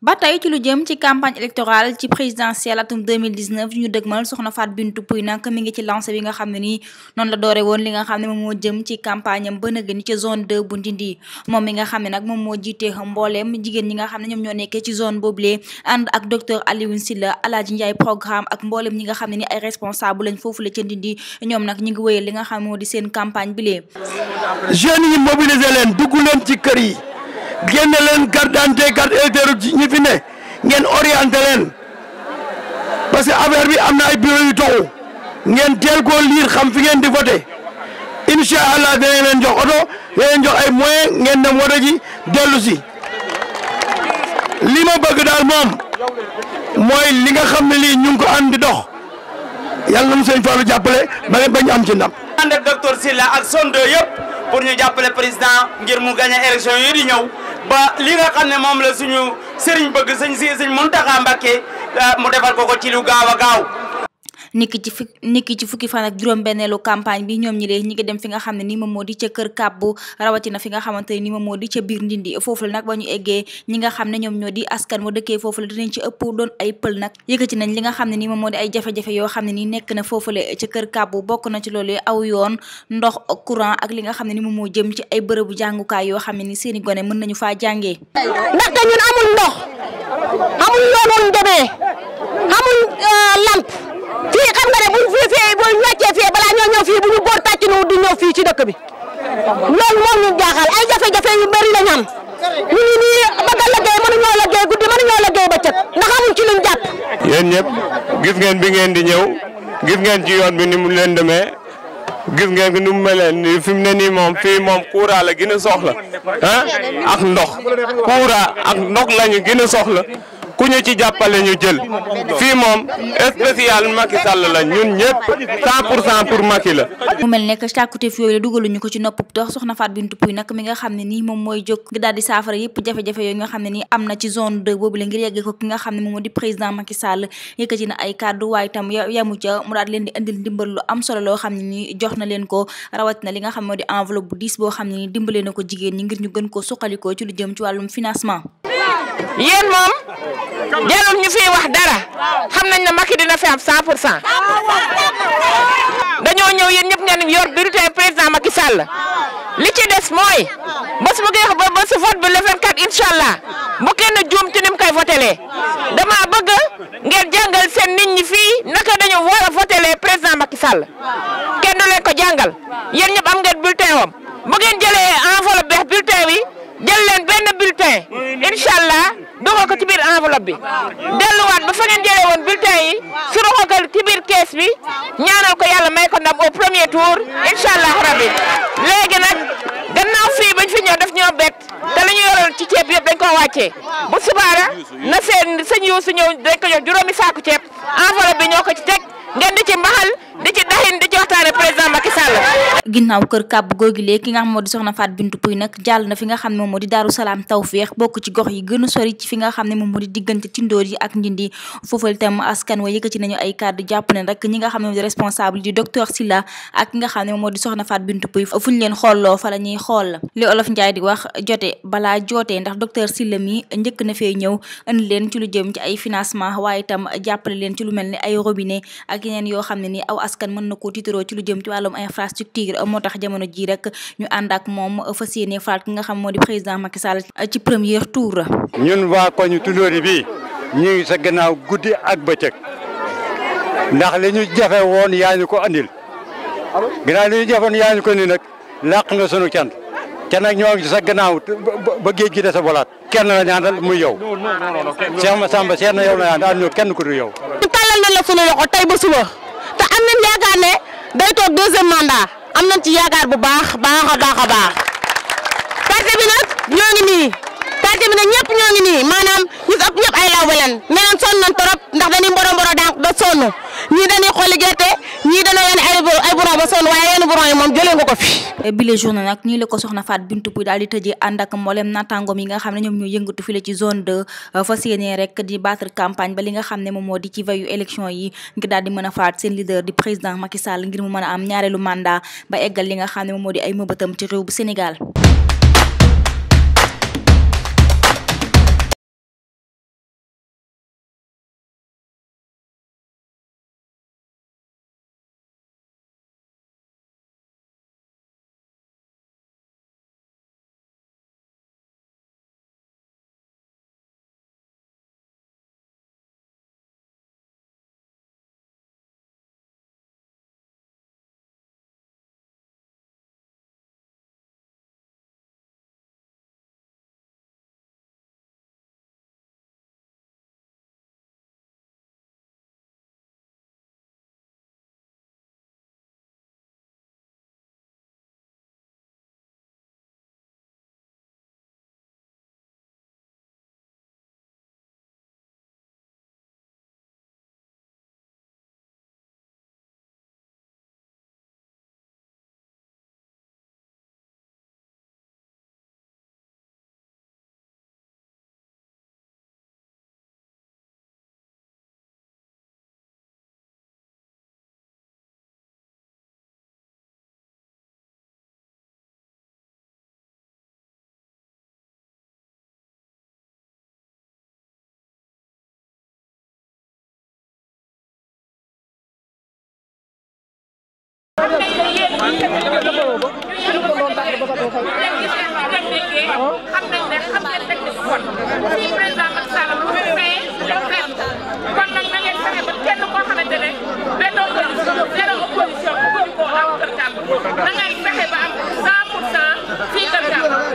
ba tey ci lu jëm ci campagne électorale ci présidentielle atum 2019 ñu dëgmal soxna Fatou Binetou Pouye nag mi ci lancé bi nga xam ne nii noonu la doore woon li nga xam ne moom moo jëm ci campagne am ba nag ni ci zone 2 bu Ndindi moom mi nga xam ne nag moom moo jiitee mbooleem jigéen ñi nga xam ne ñoom ñoo nekkee ci zone boobule ànd ak docteur Alioune Sylla Alaaji Ndiaye programme ak mbooleem ñi nga xam ni ay responsable lañ foofu la ca Ndindi ñoom nag ñu ngi wéyal li nga xam ne moo di seen campagne bi lee jeunes leen dugg génne leen carte d'identité carte électorale ci ñi fi ne ngeen orienté leen parce que affaire bi am na ay bureau yu toxu ngeen teel koo liir xam fi ngeen di voté incha allah danañ leen jox oto danañ jox ay moyen ngeen dem woto ji lii si li ma bëgg daal moom mooy li nga xam ne lii ñu ngi ko ànd di dox yàlla na mu sëñ Fallou jàppale ba bañ am ci ndam. ànd ak docteur Sylla ak sonde yëpp pour ñu jàppale président ngir mu gagné élection yi di ñëw. ba li nga xam ne moom la suñu sëriñ bëgg sëñ si sëñ Muntaxa Mbàkke mu defal ko ko ci lu gaaw a gaaw niki ci fuk niki ci fukki fan juróom-benneelu campagne bi ñoom ñi lee ñi ngi dem fi nga xam ne ni moom moo di ca kër kàbbu rawatina fi nga xamante ni moom moo di ca biir ndindi foofu la nag ba nga xam ne ñoom ñoo di askan mu dëkkee foofu la dinañ ci ëpp doon ay li nga xam ne ni moom moo di ay xam ne nekk na foofule ca kër kàbbu bokk na ci loolu aw yoon ndox courant ak li nga xam ne ni moom moo jëm ci ay bërëbu jàngukaay yoo xam ne ni seeni gone mën nañu faa jàngee ndaxte ñun amul ndox amul yoon woon demee amul euh, lamp fii xam nga ne buñ fii fee buñ bu ñu boor tàcc nu du ñëw fii ci dëkk bi loolu moo ñu jaaxal ay jafe-jafe yu la ñu am ñu ngi nii bëgg a liggéey mënuñoo guddi mënuñoo liggéey bëccëg ndax amuñ ci luñ jàpp. yéen ñëpp gis ngeen bi ngeen di ñëw gis ngeen ci yoon bi ni mu leen demee gis ngeen nu mu mel nii fi ne nii moom fii moom courant la gën a soxla ah ak ndox courant ak ndox lañu gën a soxla. ku ñu ci jàppale ñu jël fii moom spécial Macky Sall la ñun ñëpp pour cent pour Macky la. mu mel ne que càkkutéef yooyu la dugaluñu ko ci nopp dox soxna Fatou Bintou Pouye nag mi nga xam ne nii moom mooy jóg daal di saafara yëpp jafe-jafe nga xam ne nii am na ci zone 2 boobu la ki nga xam ne moom moo di président Macky Sall yëkkati na ay kàddu waaye itam yamu ca mu daal leen di indil ndimbal lu am solo loo xam ne nii jox na leen ko rawatina li nga xam ne moo di enveloppe bu diis boo xam ne nii dimbale na ko jigéen ñi ngir ñu gën koo suqalikoo ci lu jëm ci wàllum financement yéen moom jarul ñu fiy wax dara xam nañ ne Macky dina fi am 100 pour cent dañoo ñëw yéen ñëpp ngeen yor bulletin président Macky Sall li ci des mooy bés bu ngeex ba bésu vote bi le 24 incha allah bu kenn juum ci ni dama bëgg ngeen jàngal seen nit ñi fii naka dañu war a votelee président Macky Sall kenn du leen ko jàngal yéen ñëpp am ngeen bulletin wam bu ngeen jëlee enveloppe beex wi jël benn bulletin incha dugal ko ci biir enveloppe bi delluwaat ba fa ngeen jëlee woon bulletin yi suruxal ko ci kees bi ñaanal ko yàlla may ko ndam au premier tour incha allah rabbi léegi nag gannaaw fii bañ fi ñëw daf ñoo bett te li yoroon ci ceeb yëpp dañ koo wàccee bu subaara na seen sëñ Youssou ñëw dañ ko jox juróomi saaku ceeb enveloppe bi ñoo ko ci teg ngeen di ci mbaxal di ci daxin di ci waxtaane président Macky Sall ginnaaw kër kàbb googilee ki nga xam moo di soxna Faat ne moom di Daaru Salaam Tawféex bokk ci gox yi gën a sori ci fi nga xam ne moom moo di diggante tindóor yi ak njindi foofal tam leen xoolloo fa la xool li olof Njaay di wax jote balaa jootee ndax docteur Silla mi njëkk na fee ñëw indi leen ci lu jëm ci ay financement waaye itam jàppale leen ci lu mel ni ay robinet ak yeneen yoo xam ne ni aw askan mën na koo tiitaroo ci lu jëm ci wàllum infrastructure moo tax jamono ji rek ñu ànd ak moom fas yéene faat ki nga xam moo di président Macky Sall ci premier tour. ñun waa koñu Tulloori bi ñu ngi sa gannaaw guddi ak bëccëg ndax li ñu jafe woon yaa ñu ko andil gannaaw li ñu jafe woon yaa ñu ko andil nag làq nga sunu cant kenn nag ñoo ngi sa gannaaw ba géej gi de sa bolaat kenn la ñu àndal muy yow Cheikh Massamba Cheikh na yow la ñu àndal kenn ku du yow. ñu tàllal na la sunu loxo tey ba suba te am nañ yaakaar ne day toog deuxième am nañ ci yaakaar bu baax baax a baax a baax bi nag ñoo ngi nii parti bi nag ñëpp ñoo ngi nii maanaam ay lawbe lan nee nañ sonn nañ ndax dañuy mboro mboro daan da sonn ñii dañuy xooli gerte ñii dana yéen ay ay buron ba sonn waaye yéen buron yi moom jëlee ko fi bile journée nag ñii la ko soxna Faat Bintou Pouye daal di tëjee ànd ak mboolem naataangoom yi nga xam ne ñoom ñoo yëngatu fi ci zone de euh, fas yéene rek di battre campagne ba li nga xam ne moom moo di ci veyu élection yi ngir dal di mën a faat seen leader di président Macky Sall ngir mu mën a am ñaareelu mandat ba eggal li nga xam ne moom moo di ay mëbëtam ci réew bu Sénégal